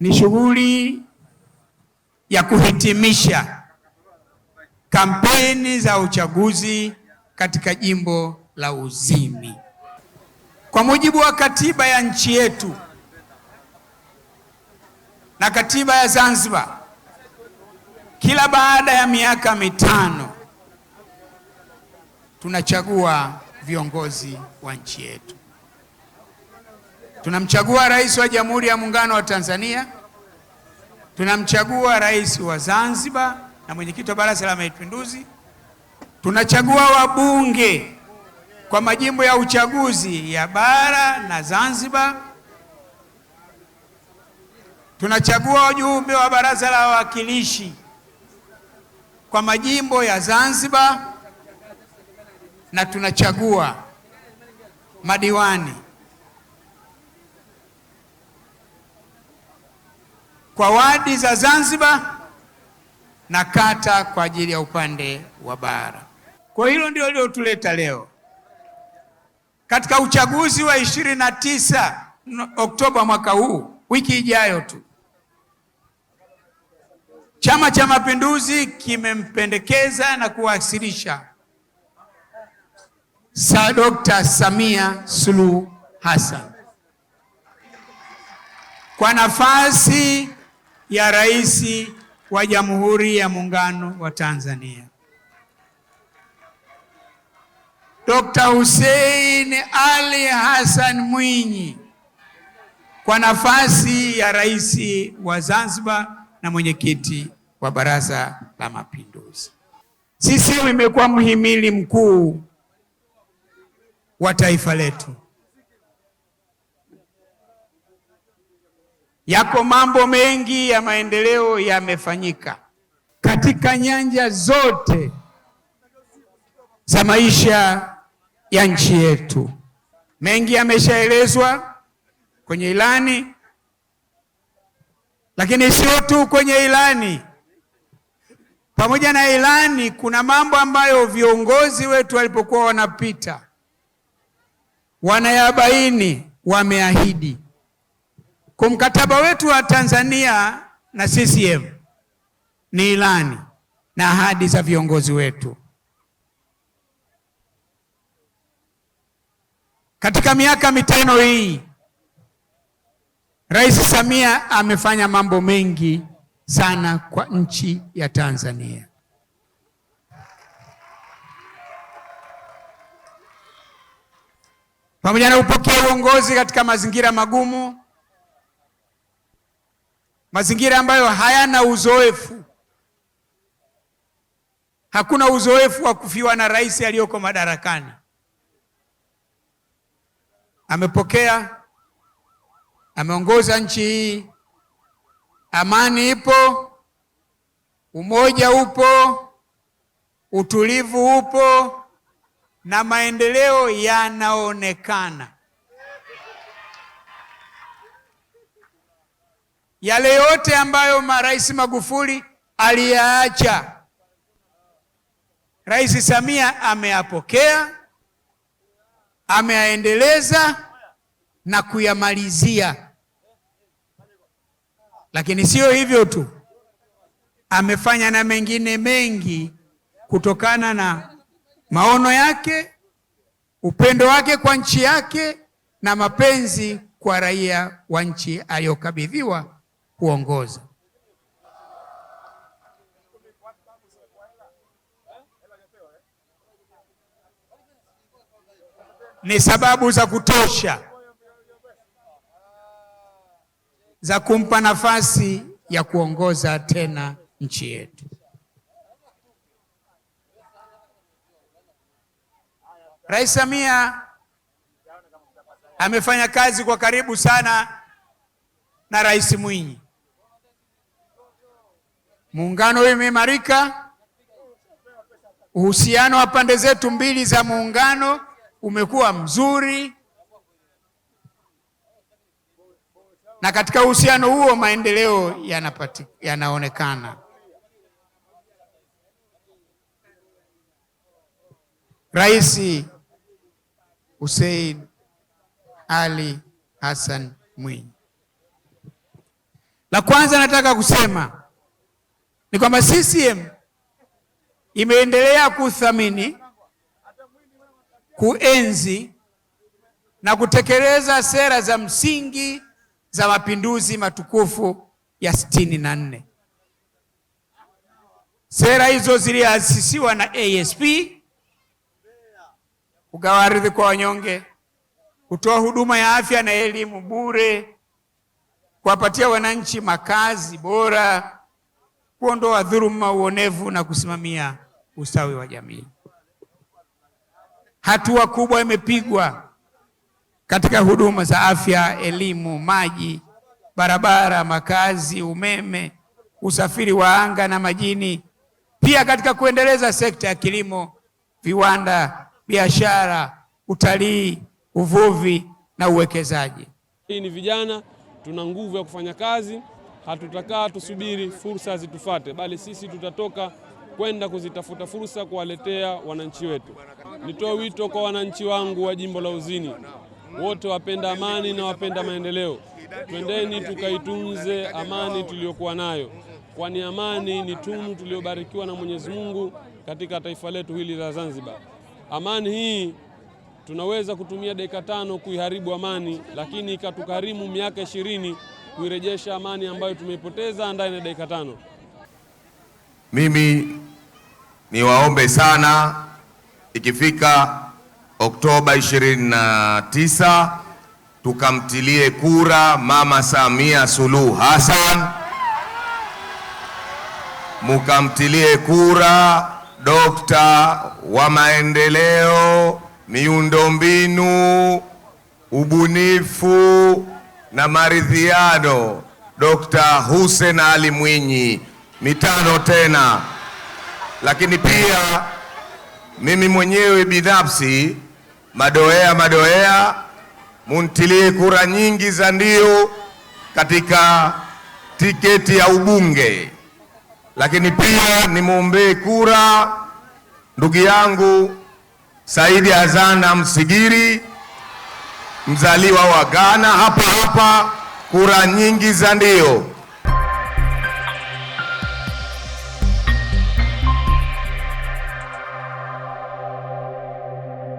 ni shughuli ya kuhitimisha kampeni za uchaguzi katika jimbo la Uzini. Kwa mujibu wa katiba ya nchi yetu na katiba ya Zanzibar, kila baada ya miaka mitano tunachagua viongozi wa nchi yetu. Tunamchagua rais wa Jamhuri ya Muungano wa Tanzania, tunamchagua rais wa Zanzibar na mwenyekiti wa Baraza la Mapinduzi, tunachagua wabunge kwa majimbo ya uchaguzi ya bara na Zanzibar, tunachagua wajumbe wa Baraza la Wawakilishi kwa majimbo ya Zanzibar na tunachagua madiwani kwa wadi za Zanzibar na kata kwa ajili ya upande wa bara. Kwa hilo ndio lilotuleta leo katika uchaguzi wa ishirini na tisa Oktoba mwaka huu, wiki ijayo tu, Chama cha Mapinduzi kimempendekeza na kuwasilisha sa Dr. Samia Suluhu Hassan kwa nafasi ya Rais wa Jamhuri ya Muungano wa Tanzania Dr. Hussein Ali Hassan Mwinyi kwa nafasi ya Rais wa Zanzibar na mwenyekiti wa Baraza la Mapinduzi. CCM imekuwa mhimili mkuu wa taifa letu. Yako mambo mengi ya maendeleo yamefanyika katika nyanja zote za maisha ya nchi yetu. Mengi yameshaelezwa kwenye ilani, lakini sio tu kwenye ilani. Pamoja na ilani, kuna mambo ambayo viongozi wetu walipokuwa wanapita wanayabaini, wameahidi kwa mkataba wetu wa Tanzania na CCM ni ilani na ahadi za viongozi wetu. Katika miaka mitano hii Rais Samia amefanya mambo mengi sana kwa nchi ya Tanzania. Pamoja na kupokea uongozi katika mazingira magumu mazingira ambayo hayana uzoefu. Hakuna uzoefu wa kufiwa na rais aliyoko madarakani. Amepokea, ameongoza nchi hii, amani ipo, umoja upo, utulivu upo na maendeleo yanaonekana. yale yote ambayo Rais Magufuli aliyaacha, Rais Samia ameyapokea, ameyaendeleza na kuyamalizia. Lakini siyo hivyo tu, amefanya na mengine mengi kutokana na maono yake, upendo wake kwa nchi yake na mapenzi kwa raia wa nchi aliyokabidhiwa kuongoza. Ni sababu za kutosha za kumpa nafasi ya kuongoza tena nchi yetu. Rais Samia amefanya kazi kwa karibu sana na Rais Mwinyi. Muungano huyu umeimarika. Uhusiano wa pande zetu mbili za muungano umekuwa mzuri, na katika uhusiano huo maendeleo yanapati, yanaonekana. Rais Hussein Ali Hassan Mwinyi, la kwanza nataka kusema ni kwamba CCM imeendelea kuthamini, kuenzi na kutekeleza sera za msingi za mapinduzi matukufu ya sitini na nne. Sera hizo ziliasisiwa na ASP kugawa ardhi kwa wanyonge, kutoa huduma ya afya na elimu bure, kuwapatia wananchi makazi bora kuondoa dhuluma, uonevu na kusimamia ustawi wa jamii. Hatua kubwa imepigwa katika huduma za afya, elimu, maji, barabara, makazi, umeme, usafiri wa anga na majini, pia katika kuendeleza sekta ya kilimo, viwanda, biashara, utalii, uvuvi na uwekezaji. Hii ni vijana, tuna nguvu ya kufanya kazi hatutakaa tusubiri fursa zitufate, bali sisi tutatoka kwenda kuzitafuta fursa kuwaletea wananchi wetu. Nitoe wito kwa wananchi wangu wa jimbo la Uzini, wote wapenda amani na wapenda maendeleo, twendeni tukaitunze amani tuliyokuwa nayo, kwani amani ni tunu tuliyobarikiwa na Mwenyezi Mungu katika taifa letu hili la Zanzibar. Amani hii tunaweza kutumia dakika tano kuiharibu amani, lakini ikatukarimu miaka ishirini kuirejesha amani ambayo tumeipoteza ndani ya dakika tano. Mimi niwaombe sana, ikifika Oktoba 29 tukamtilie kura Mama Samia Suluhu Hassan, mukamtilie kura dokta wa maendeleo, miundombinu, ubunifu na maridhiano Dr. Hussein Ali Mwinyi mitano tena. Lakini pia mimi mwenyewe binafsi, madoea madoea, muntilie kura nyingi za ndio katika tiketi ya ubunge. Lakini pia nimwombee kura ndugu yangu Saidi Azana Msigiri, mzaliwa wa Ghana hapa hapa kura nyingi za ndio.